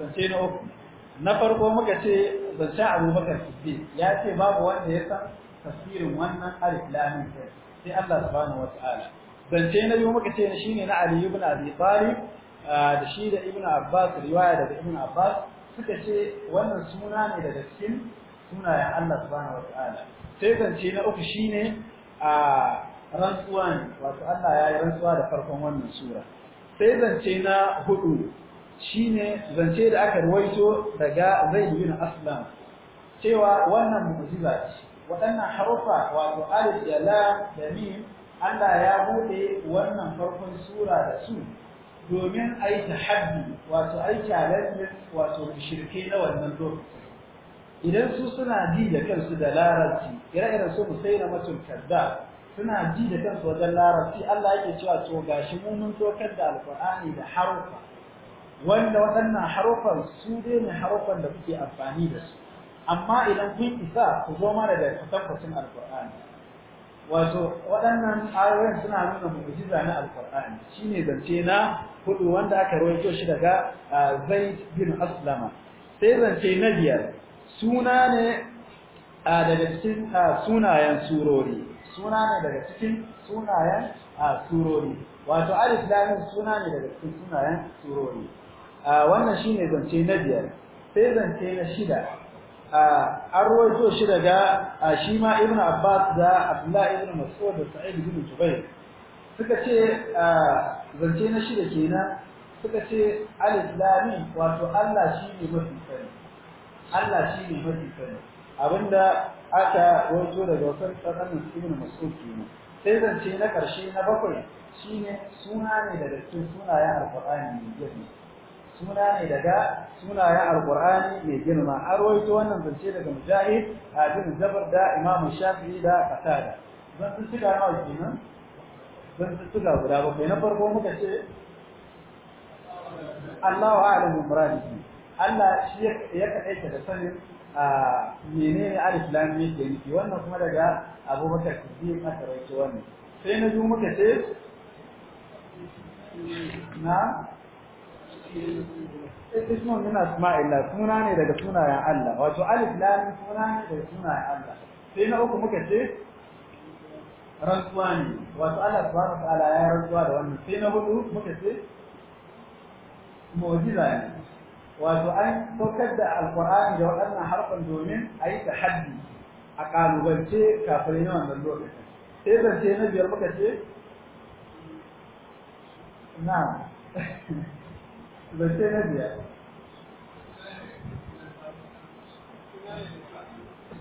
zance na uku na farko muka ce zance Abubakar Siddiq ya ce babu wanda ya san tafsirin wannan alif lam sai Allah subhanahu wata'ala zance na biyu muka ce shine na Ali ibn Abi Talib da shi da Ibn Abbas riwaya daga Ibn Abbas suka ce wannan suna ne daga cikin sunayen Allah subhanahu wataala sai zance na uku shine a ne, wato Allah ya yi rantsuwa da farkon wannan sura sai zance na hudu shine zance da aka ruwaito daga zai yi bin Aslam cewa wannan mu'jiza ce waɗannan harufa wato alif ya la da mim Allah ya bude wannan farkon sura da su domin a yi tahaddi wato a yi challenge wato shirke na wannan lokacin idan su suna ji da kansu da larabci ire-iren su na matul kadda suna ji da kansu wajen larabci Allah yake cewa to gashi mu mun tokar da alkur'ani da harufa wanda waɗannan harufan su dai ne harufan da kuke amfani da su amma idan kun isa ku zo mana da tabbacin alkur'ani wato waɗannan ayoyin suna nuna mu'jiza na alqur'ani shine zance na hudu wanda aka rawaito shi daga zaid bin aslama sai zance na biyar suna ne daga cikin sunayen surori suna ne daga cikin sunayen surori wato alif lam suna ne daga cikin sunayen surori wannan shine zance na biyar sai zance na shida an rawaito shi daga shi ma ibn abbas da abdullah ibn mas'ud da sa'id ibn jubair suka ce zance na da kenan suka ce al-islami wato Allah shi ne mafi sani Allah shi ne mafi abinda aka rawaito daga wasan tsananin ibn mas'ud kenan sai zance na karshe na bakwai shine suna ne daga cikin sunayen alqur'ani ne suna ne daga sunayen alqur'ani mai girma an rawaito wannan zance daga mujahid abin zabar da imam shafi'i da qatada zan tsika nawa nan? zan tsika guda bakwai na farko muka ce Allahu a'lamu muradiki. Allah shi ya kaɗaita da sanin menene alif lam ke nufi wannan kuma daga Abubakar Siddiq aka rawaito wannan sai na biyu muka ce na ismun min asma'illah suna ne daga sunayen Allah wato alif lam suna ne daga sunayen Allah sai na uku muka ce rantsuwa ne wato Allah subhanahu wa ta'ala ya rantsuwa da wannan sai na hudu muka ce mu'jiza ne wato an saukar da alqur'ani da waɗannan harfan domin a yi tahaddi a ƙalubance kafin na wannan lokacin sai zance na biyar muka ce na <laughs> zance na biyar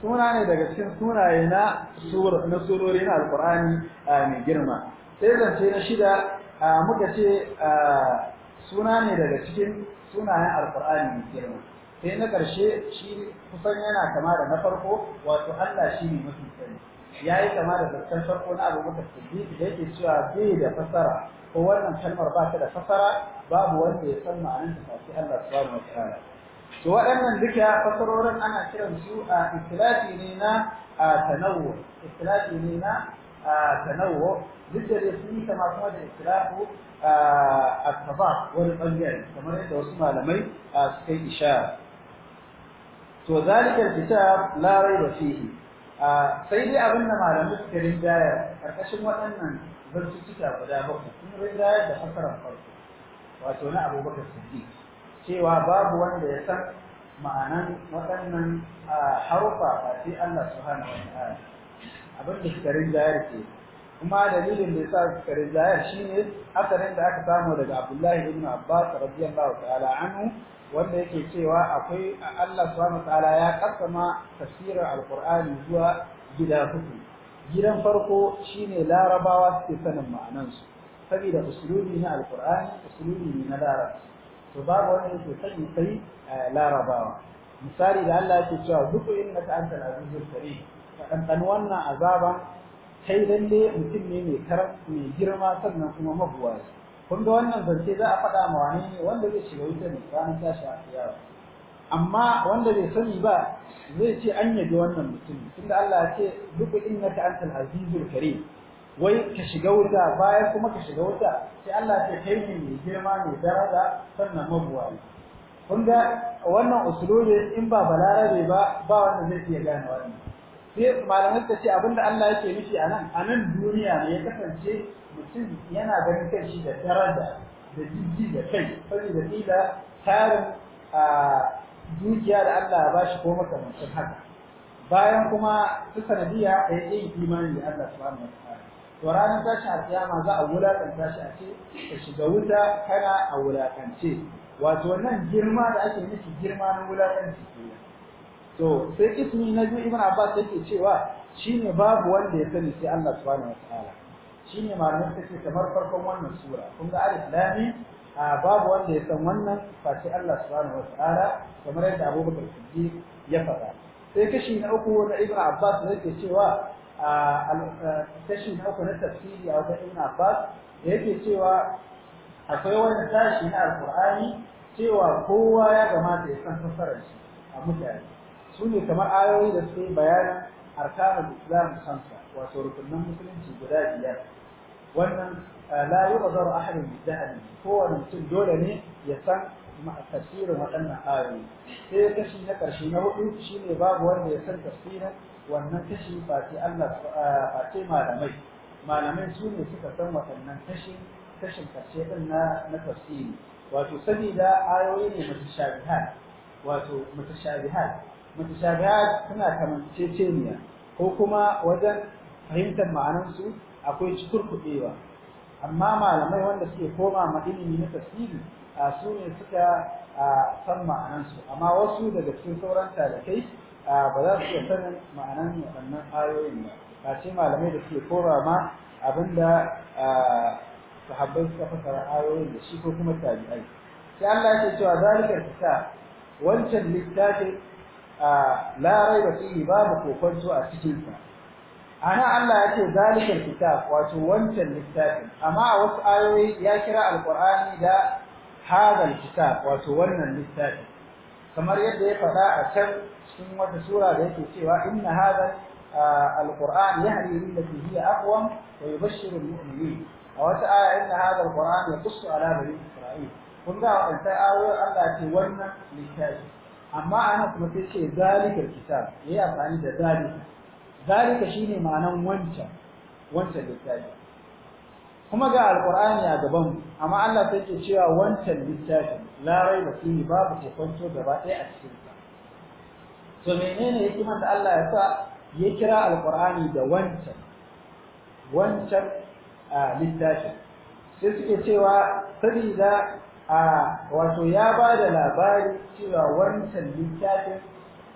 suna ne daga cikin sunaye na na surori alkur'ani mai girma sai zance na shida muka ce suna ne daga cikin sunayen alkur'ani mai girma sai na ƙarshe shi kusan yana kama da na farko wato Allah shi ne mafi sani ya yi kama da zancen farko na abu muka siddiq da yake cewa bai da fasara ko wannan kalmar ba ta da fasara babu wanda ya san ma'anar ta sai Allah subhanahu wani ta'ala to waɗannan duka fasarorin ana kiran su a istilafi ne na tanawwu istilafi ne na tanawwu duk da sun yi kama kuma da istilafu a tabar wani ɓangare kamar yadda wasu malamai suka yi ishara to zalikar kitab Larai da fihi sai dai abin da malamai suka rinjaya karkashin waɗannan cika guda bakwai sun rinjaya da fasarar farko wato na abubakar siddiq cewa babu wanda ya san ma'anan waɗannan harufa ba sai Allah subhanahu wa ta'ala abin da suka rinjaya ke kuma dalilin da yasa suka rijaya shine asalin da aka samu daga Abdullahi ibn Abbas radiyallahu ta'ala anhu wanda yake cewa akwai Allah subhanahu ta'ala ya kassama tafsirin alqur'ani zuwa gida huku gidan farko shine larabawa suke sanin ma'anansu saboda usulubi na alqur'ani usulubi ne na larabawa, to babu wanda yake sani sai eh, larabawa misali da Allah yake cewa duk innaka antal azizul karim fadan wannan azaban kai lalle mutum ne mai karam mai girma sannan kuma mabuwayi kun ga wannan zance za a faɗa ma wani ne wanda zai shiga wuta ne ranar tashi a kiyama amma wanda bai sani ba zai ce an yabi wannan mutum tunda Allah ya ce duk innaka antal azizul karim wai ka shiga wuta bayan kuma ka shiga wuta sai Allah ya kai ne mai girma mai daraja sannan ne. kun ga wannan usulole in ba balarabe ba ba wanda zai iya gane wannan sai malamai suka ce abinda Allah yake nufi a nan a nan duniya ne ya kasance mutum yana ganin shi da daraja da jiji da kai saboda kila tarin a dukiya da Allah ya bashi ko makamancin haka bayan kuma su sanadiya da yin imani da Allah subhanahu wataala to ranar a alkiyama za a wulakanta shi a ce ka shiga wuta kana a wulakance wato wannan girma da ake nufi girma na wulakanci kenan to sai ismi na biyu ibn abbas yake cewa shine babu wanda ya sani sai Allah subhanahu wataala shine malamin take kamar farkon wannan sura kun ga alif lam mim babu wanda ya san wannan face Allah subhanahu wataala kamar yadda Bakar Siddiq ya faɗa sai kashi na uku na ibn abbas yake cewa kashi na uku na tafsiri a wajen ibn abbas yake cewa akwai wani tashi na alqur'ani cewa kowa ya gama ya san fassarar shi a mutane su ne kamar ayoyi da suke bayanin arkanul islam khamsa wato rukunin musulunci guda biyar wannan la yuqdaru ahadun bi jahli kowane mutum dole ne ya san tafsirin waɗannan ayoyi sai kashi na ƙarshe na hudu shine babu wanda ya san tafsirin wannan kashi face Allah face malamai malamai su ne suka san waɗannan kashi kashin ƙarshe ɗin na na tafsiri wato sabida ayoyi ne mutashabihat wato mutashabihat mutashabihat suna kamanceceniya ko kuma wajen fahimtar ma'anansu akwai cikurkuɗewa amma malamai wanda suke koma ma ilimi na tafsiri su ne suka san ma'anansu amma wasu daga cikin sauran talakai ba za su iya sanin ma'anan waɗannan ayoyin ba ba ce malamai da suke koma ma abinda sahabbai suka fasara ayoyin da shi ko kuma tabi'ai sai Allah ya ce cewa zalikar kitab wancan littafin la raiba fihi babu kokonto a cikin sa ana Allah ya ce zalikal kitab wato wancan littafin amma a wasu ayoyi ya kira alqur'ani da hadal kitab wato wannan littafin kamar yadda ya faɗa a can cikin wata sura da yake cewa inna hadal alqur'an yahdi lillati hiya aqwam wa yubashshiru almu'minin a wata aya inna hadal qur'an yaqussu ala bani isra'il kun ga wannan ayoyi Allah ya ce wannan littafin amma ana kuma sai ce zalika kitab yayi amfani da zalika zalika shine ma'anan wancan wancan littafi kuma ga alqur'ani a gaban amma Allah sai ke cewa wancan littafin la raiba fihi babu kokonto gaba ɗaya a cikin sa to menene hikimar da Allah ya sa ya kira alqur'ani da wancan wancan littafin sai suke cewa sabida a wato ya ba da labari cewa wancan littafin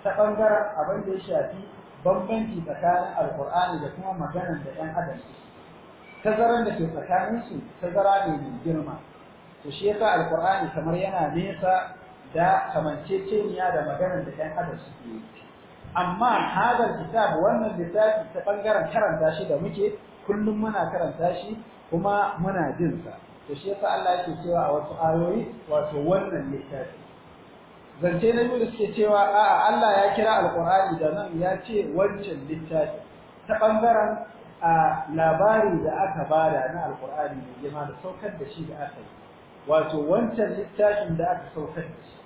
ta ɓangaren abin da ya shafi bambanci tsakanin alkur'ani da kuma maganar da ɗan adam tazaran da ke tsakaninsu tazara ne mai girma to shi yasa alkur'ani kamar yana nesa da kamanceceniya da maganar da ɗan adam suke yi amma hadar kitab wannan littafi ta ɓangaren karanta shi da muke kullum muna karanta shi kuma muna jin sa to shi yasa Allah yake cewa a wasu ayoyi wato wannan littafi zance na biyu da suke cewa a'a Allah ya kira alqur'ani da nan ya ce wancan littafi ta bangaren a labari da aka bada na alqur'ani mai girma da saukar da shi da aka yi wato wancan littafin da aka saukar da shi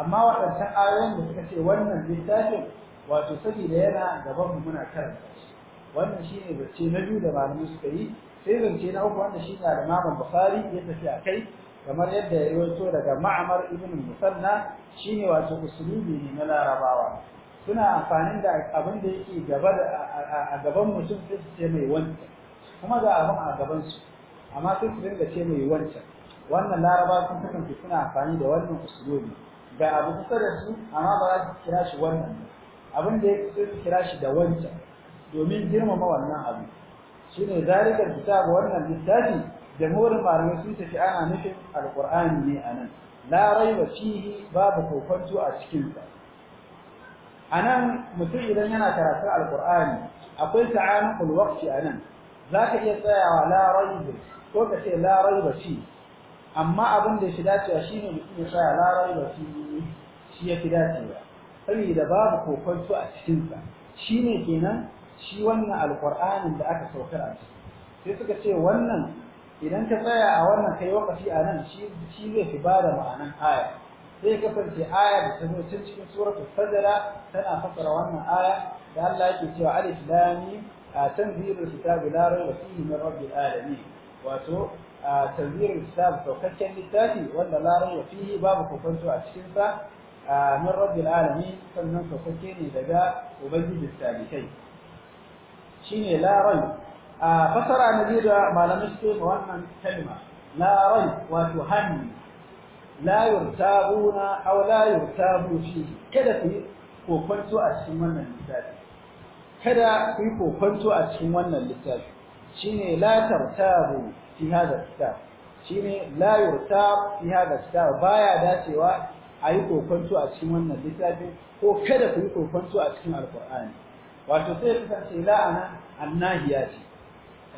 amma waɗancan ayoyin da suka ce wannan littafin wato saboda yana gaban mu muna karanta shi wannan shine zance na biyu da malamai suka yi sai zance na uku wanda shi ne imam Bukhari ya tafi a kai kamar yadda ya rawaito daga Ma'mar ibn Musanna shine wato usulubi ne na Larabawa suna amfani da abin da yake gaba a gaban mutum sai ce mai wanda kuma ga abin a gaban su amma sai su dinga ce mai wanda wannan Larabawa sun kasance suna amfani da wannan usulubi ga abu kusa da su amma ba za su kira shi wannan abin da yake sai su kira shi da wancan, domin girmama wannan abu Shi shine zalikal ga wannan littafi jamhurin malamai sun tafi ana nufin alqur'ani ne anan la raiba shi babu kokonto a cikin sa anan mutum idan yana karatun alqur'ani akwai a waqti anan zaka iya tsayawa la raiba ko ka ce la raiba shi? amma abin da ya fi dacewa shine mutum ya tsaya la raiba shi shi ya fi dacewa da babu kokonto a cikinsa shi ne kenan shi wannan alqur'anin da aka saukar a sai suka ce wannan idan ka tsaya a wannan kai wakafi a nan shi shi zai fi bada ma'anan aya sai kasance aya da ta zo can cikin suratul sajda tana fassara wannan aya da Allah yake cewa alif lam mim tanzilul kitabi la rayba fihi min rabbil alamin wato tanzilul kitab saukakken littafi wanda la rayba fihi babu kokonto a cikin sa min rabbil alamin sannan saukakke ne daga ubangijin talikai shine la rai a fasara na biyu da malamai suke ma wannan kalma la rai wato hanni la yurtabuna aw la yurtabu shi kada ku kokonto a cikin wannan littafi kada ku kokonto a cikin wannan littafi shine la tartabu fi hada kitab shine la yurtab fi hada kitab baya dacewa ayi kokonto a cikin wannan littafi ko kada ku yi kokonto a cikin alqur'ani wato sai ta kasance la ana annahiya ce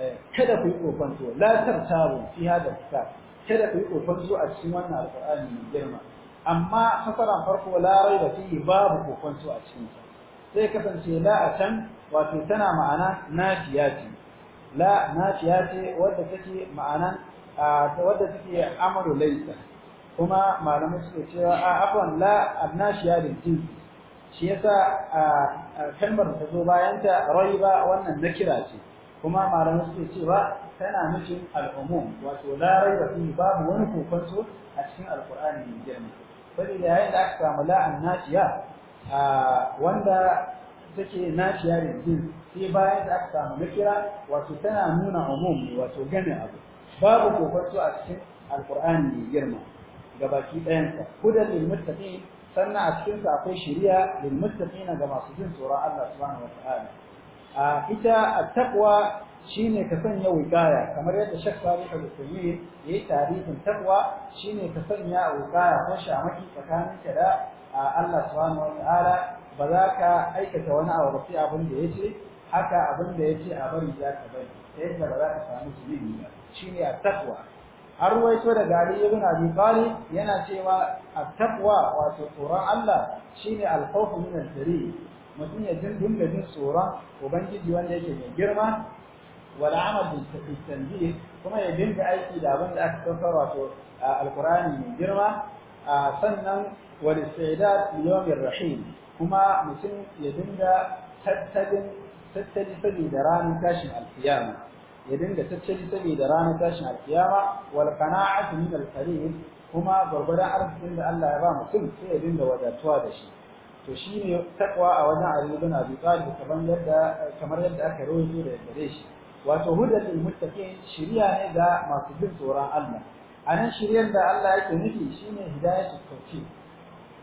eh, kada ku yi kokonto la tartabu fi hada kitab kada ku yi kokonto a cikin wannan alqur'ani mai girma amma fasaran farko la raiba fihi babu kokonto a cikin sa sai ka kasance la a can wato tana ma'ana nafiya ce la nafiya ce wadda take ma'ana wadda take amaru laysa kuma malamai suke cewa a afwan la annashiya lil jinsi shi yasa kalmar da zo bayan ta ba wannan nakira ce kuma malamai suke cewa tana nufin al'umum wato la ba fi babu wani kokonto a cikin alqur'ani mai girma saboda yayin da aka samu la'an nafiya wanda take nafiya da jin sai bayan da aka samu nakira wato tana nuna umum wato ganin abu babu kokonto a cikin alkur'ani mai girma gabaki ɗayansa hudan lil muttaqin sannan a cikin sa akwai shari'a lil muttaqina ga masu jin tsoron Allah subhanahu wataala a ita at-taqwa shine ka sanya wikaya kamar yadda Sheikh Salih al ya yayi tarihin taqwa shine ka sanya wikaya ko shamaki tsakanin ka da Allah subhanahu wataala ba za ka aikata wani abu ba sai abin da yace haka abin da yace a bari za ka bari sai ba za ka samu zunubi ba shine at-taqwa har ruwaito daga Ali ibn Abi Talib yana cewa at-taqwa wato tsoron Allah shine al-khawf min al mutum ya jin dinga jin tsoron ubangiji wanda yake mai girma wal amal bil kuma ya dinga aiki da abin da aka saukar wato al-Qur'ani mai girma sannan wal istidad li yawmir rahim kuma mutum ya dinga tattalin tattali saboda ranar tashin al-qiyamah ya dinga tattali saboda ranar tashin alkiyama wal qana'atu min al qalil kuma gurgurdan arzikin da Allah ya ba mutum sai ya dinga wadatuwa da shi to shine takwa a wajen Ali ibn Abi Talib kamar yadda kamar yadda aka rawaito da gare shi wato hudatul muttaqin shiriya ne ga masu bin tsoron Allah anan shiriyar da Allah yake nufi shine hidayatul tawfiq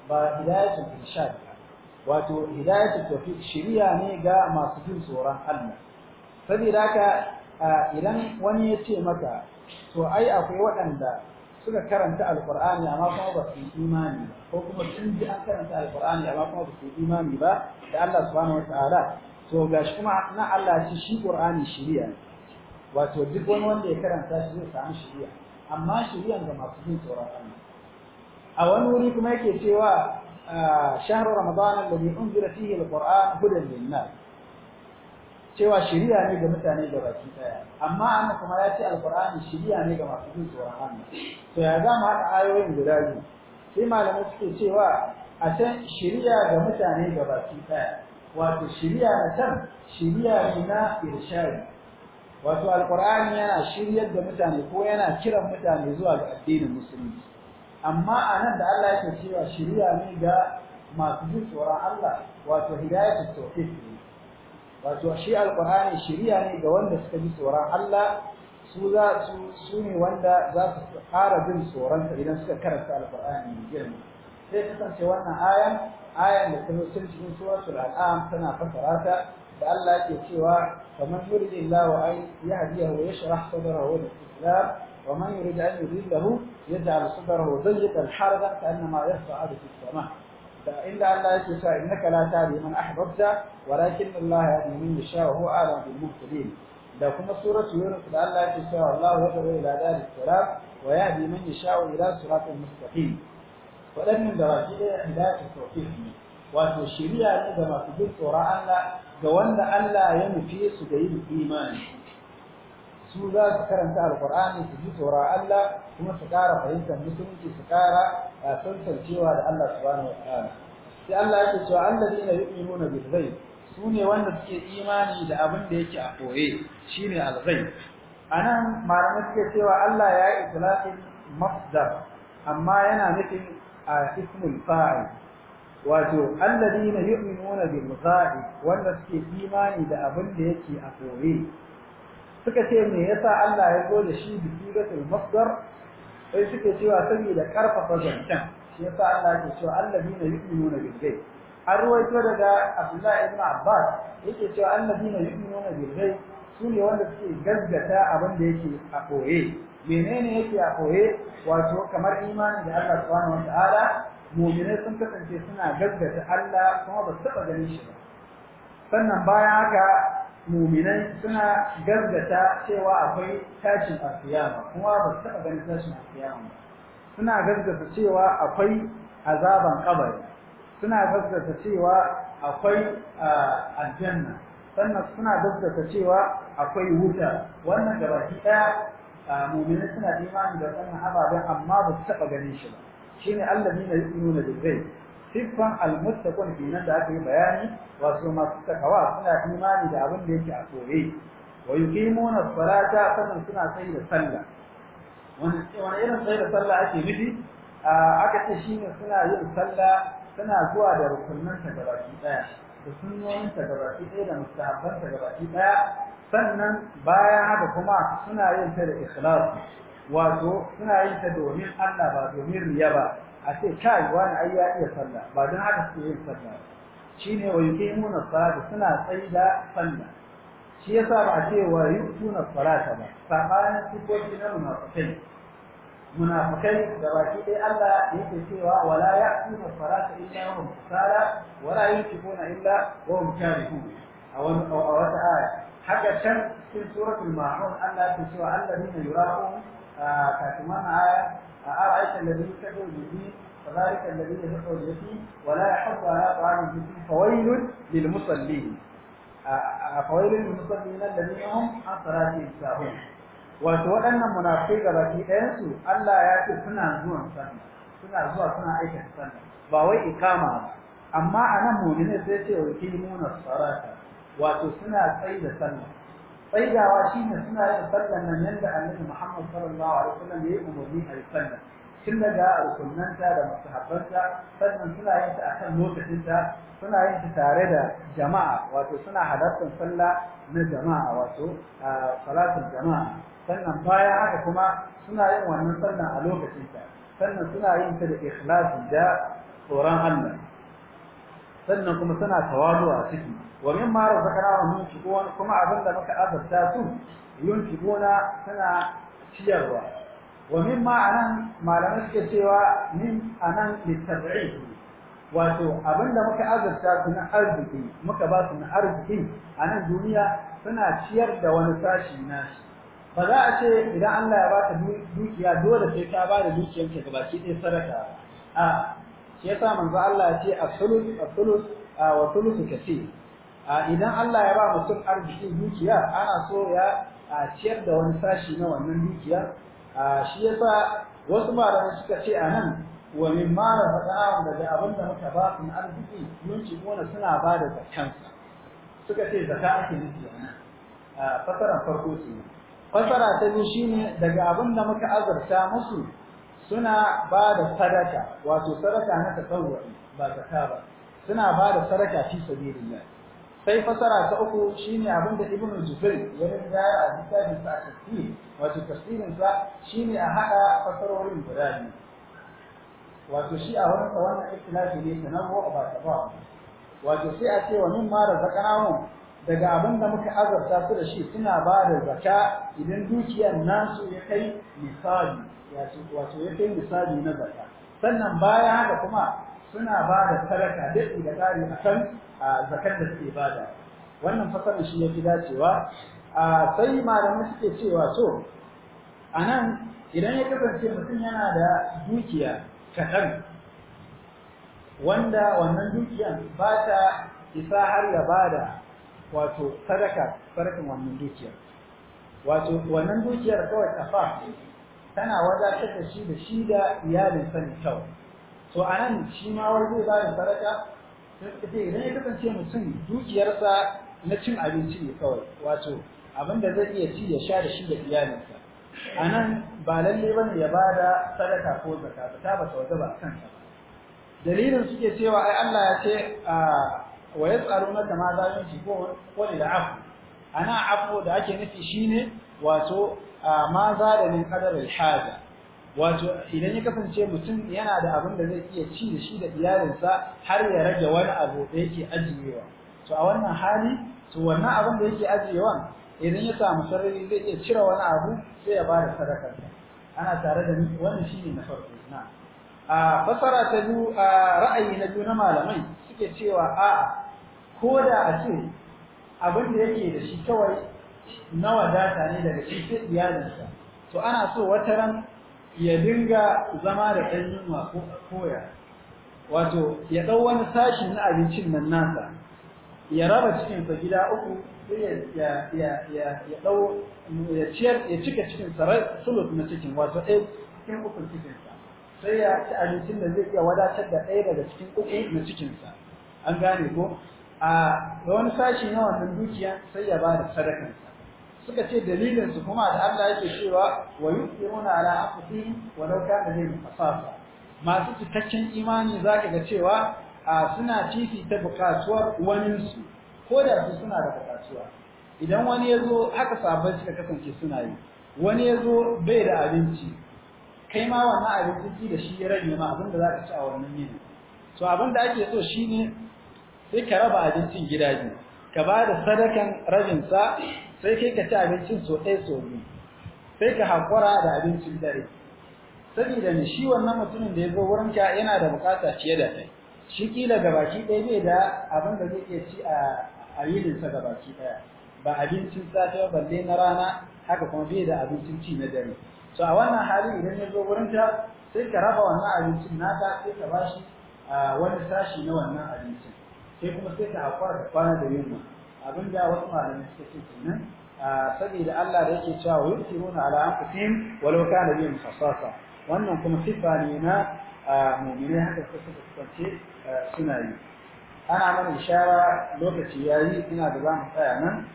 ba hidayatul irshad wato hidayatul tawfiq shiriya ne ga masu bin tsoron Allah Sabida haka idan wani ya ce maka to ai akwai waɗanda suka karanta alkur'ani amma kuma ba su imani ko kuma sun ji an karanta alkur'ani amma kuma ba su imani ba da Allah subhanahu wataala to gashi kuma na Allah shi shi qur'ani shiriya wato duk wani wanda ya karanta shi zai samu shiriya amma shiriyan ga masu jin tsoron Allah a wani wuri kuma yake cewa ah, shahru ramadan alladhi unzila fihi alqur'an hudan lin-nas cewa shari'a ne ga mutane da baki daya amma amma kuma ya ce alqur'ani shari'a ne ga masu bin tsoron Allah to ya za mu haɗa ayoyin guda biyu sai malamai suke cewa a can shari'a ga mutane ga baki daya wato shari'a na can shari'a ne na irshadi wato alqur'ani yana shiryar da mutane ko yana kiran mutane zuwa ga addinin musulunci amma anan da Allah yake cewa shari'a ne ga masu bin tsoron Allah wato hidayatul tauhid wato shi alqur'ani shiriya ne ga wanda suka ji tsoron Allah su za su ne wanda za su fara jin tsoron sa idan suka karanta alqur'ani mai girma sai kasance wannan ayan ayan da kuma sun cikin suratul al'am tana fasara ta da Allah yake cewa faman yuridillahu an yahdiyahu yashrah sadrahu lil islam ومن يريد أن يذله يجعل صدره ضيقا حرجا كأنما يصعد في السماء inda Allah yake cewa innaka la tahdi man ahbabta walakin Allah yahdi man yasha wa huwa a'lamu bil da kuma suratu yunus da Allah yake cewa Allahu yad'u ila dari salat wa yahdi man yasha ila siratin mustaqim wadannan da baki da hidayat tawfiq ne wato shari'a ne da masu jin tsoron Allah ga wanda Allah ya nufi su da yin imani su za su karanta alkur'ani su ji tsoron Allah kuma su ƙara fahimtar musulunci su ƙara tantancewa da Allah subhanahu wataala sai Allah ya yake cewa yi yu'minuna bil ghaib su ne wanda suke imani da abin da yake a koye ne alzai. A nan, malamai suke cewa Allah ya yi itilafin masdar amma yana nufin a ismul fa'il wato Allah alladina yu'minuna bil ghaib wanda suke imani da abin da yake a koye suka ce me yasa Allah ya zo da shi biki ga masdar sai suke cewa saboda karfafa zancen shi sa Allah ya ce alladina yu'minuna bil ghaib an ruwaito daga Abdullah ibn Abbas yake cewa alladina yu'minuna bil su sune wanda suke gaggata abin da yake a koye menene yake a koye wato kamar imani da Allah subhanahu wa ta'ala mu'minai sun kasance suna gaggata Allah kuma ba su taba ganin shi ba sannan bayan haka muminai suna gaggata cewa akwai tashin alkiyama kuma ba su taɓa ganin tashin alkiyama ba suna gaggata cewa akwai azaban kabari suna gaggata cewa akwai aljanna sannan suna gaggata cewa akwai wuta wannan gabaki ɗaya muminai suna imani da wannan ababen amma ba su taɓa ganin shi ba shine yi yu'minuna da ghaib siffan almuttaqun kenan da aka yi bayani wasu masu takawa suna imani da abin da yake a koye wa yuqimuna as-salata sannan suna tsayi da sallah wani irin tsayi da sallah ake nufi aka ce shine suna yin sallah suna zuwa da rukunanta gabaki daya da sunnoyinta gabaki daya da mustahabbanta gabaki daya sannan bayan haka kuma suna yin ta da ikhlas wato suna yin ta domin Allah ba domin riya ba a ce kai wani ai ya iya sallah ba dan haka sai yin sallah shine wa yuqimuna salata suna tsaida sallah shi yasa ba a ce wa yuqimuna salata ba sabanin sifofi na munafikai munafikai da baki dai Allah yake cewa wala ya'tuna salata illa hum sala wala yunfiquna illa wa hum karihun a wani a wata aya haka can cikin suratul ma'un Allah ya ce wa alladhina yura'un kafin wannan aya a ara'aita alladhi yukadu bihi فذلك الذي يدعو اليتيم ولا يحض على طعام اليتيم فويل للمصلين فويل للمصلين الذين هم عن صلاتهم ساهون wato waɗannan munafikai gabaki ɗayan su Allah ya ce suna zuwa sallah suna zuwa suna aikata sallah ba wai ikama ba amma anan ne sai ce wa kimuna salata wato suna tsayi da sallah faidawa shi ne suna yin sallan nan yadda annabi Muhammad sallallahu alaihi wasallam ya yi umarni a sallan tun daga rukunanta da masahabanta sannan suna yin ta akan lokacinta suna yin ta tare da jama'a wato suna halartar sallah na jama'a wato salatul jama'a sannan bayan haka kuma suna yin wannan sallan a lokacinta sannan suna yin ta da ikhlasi da tsoron Allah sannan kuma suna tawadu a ciki wa min razaqnahum gona kuma abin da muka azabta su yun gona suna ciyarwa wa ma anan malamai suke cewa min anan litab'id wato abin da muka azabta su na arziki muka ba su na arziki a nan duniya suna ciyar da wani sashi na shi ba za a ce idan Allah ya ba ta dukiya dole sai ka ba da dukiyarka gabaki ɗaya saraka. a shi yasa manzo Allah ya ce as-sulus as-sulus wa thuluthu kaseer idan Allah ya ba mutum arziki dukiya ana so ya ciyar da wani sashi na wannan dukiya shi yasa wasu malamai suka ce anan wa mimma rafa'ahum daga abin da muka ba su arziki yunci gona suna ba da zakansa suka ce zaka ake nufi a fasaran farko ce fasara ta biyu shine daga abin da muka azurta musu suna ba da sadaka wato sadaka na tasawwuri ba zakka ba suna ba da sadaka fi sabilillah sai fasara ta uku shine abin da Ibn Jubair ya rinda a littafin sa tafsir wato tafsirin sa shine a hada fasarorin guda biyu wato shi a wannan wannan ikhtilafi ne sanarwa ba ta ba wato sai a ce wa mimma razaqnahum daga abin da muka azabta su da shi suna ba da zaka idan dukiyar nasu ya kai misali wato ya kai misali na zaka sannan baya haka kuma suna ba da sadaka duk da kari kan zakar da suke bada wannan fasalin shi ya fi dacewa sai malamai suke cewa to nan, idan ya kasance mutum yana da dukiya kaɗan wanda wannan dukiyan ba ta isa har ya bada wato sadaka farkin wannan dukiyar wato wannan dukiyar kawai kafa tana wadatar da shi da shi da iyalin sa ne kawai to anan shi ma wani zai ba da sadaka sai idan ya kasance mutum dukiyarsa na cin abinci ne kawai wato abin da zai iya ci ya sha da shi da iyalinsa nan ba lalle ne ya ba da sadaka ko zakata ba ta wajaba kansa dalilin suke cewa ai Allah ya ce a ah, wa yas'alunaka ma za yunfiqun qul al'afu ana afu da ake nufi shine wato ma da min qadar al wato idan ya kasance mutum yana da abin da zai iya ci da shi da iyalinsa har ya rage wani abu da yake ajiyewa to a wannan hali to wannan abin da yake ajiyewa idan ya samu sarari zai iya cire wani abu sai ya bada sadakar ana tare da wannan shine na farko na a fasara ta biyu a ra'ayi na biyu na malamai suke cewa a ko da a ce abin da yake da shi kawai na wadata ne daga shi sai iyalinsa to ana so wata ran ya dinga zama da ɗan yunwa ko koya wato ya ɗau wani sashi na abincin nan nasa ya raba cikinsa gida uku ya ya ɗau ya ciyar ya cika cikin sarar sulut na cikin wato ɗaya cikin ukun cikinsa sai ya ci abincin da zai iya wadatar da ɗaya daga cikin uku na cikinsa an gane ko a wani sashi na wannan dukiya sai ya bada sadakan suka ce dalilin su kuma da Allah yake cewa wa yuqiruna ala aqdi wa law kana lahum qasasa masu cikakken imani zaka ga cewa suna titi ta bukatuwar wani su ko da su suna da bukatuwa idan wani yazo haka sabon suka kasance suna yi wani yazo bai da abinci kai ma wannan abinci da shi ya rage ma abinda zaka ci a wannan yini To abin ake so shine sai ka raba abincin gida biyu ka ba da sadakan rabin sa sai kai ka ci abincin so ɗaya so biyu sai ka haƙura da abincin dare saboda ne shi wannan mutumin da ya zo ka yana da bukata fiye da kai shi kila baki ɗaya bai da abin da zai iya ci a ga baki ɗaya ba abincin safe balle na rana haka kuma bai da abincin ci na dare To a wannan hali idan ya zo ka sai ka raba wannan abincin naka sai ka bashi ah, wani sashi na wannan abincin sai kuma sai ta haƙura da kwana da yunwa abin da wasu malamai suka ce kenan saboda Allah da yake cewa wa yusiruna ala anfusihim walau kana bihim khasasa wannan kuma sifa ne na mu'minai haka suka kasance suna yi ana mana ishara lokaci yayi ina da zamu tsaya nan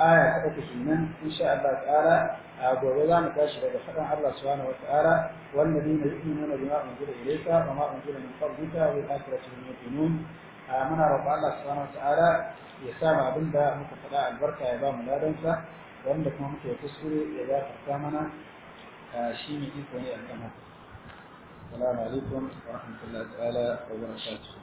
aya ta uku kenan insha Allah ta'ala gobe za mu tashi daga faɗin Allah subhanahu wata'ala والذين يؤمنون بما أنزل إليك وما أنزل من قبلك والآخرة هم يوقنون muna roƙon Allah subhanahu wata'ala ya sa mu abin da muka faɗa albarka ya ba mu ladansa wanda kuma muke kuskure ya gafarta mana shi ne iko ne a kan Assalamu alaikum wa rahmatullahi ta'ala wa barakatuh.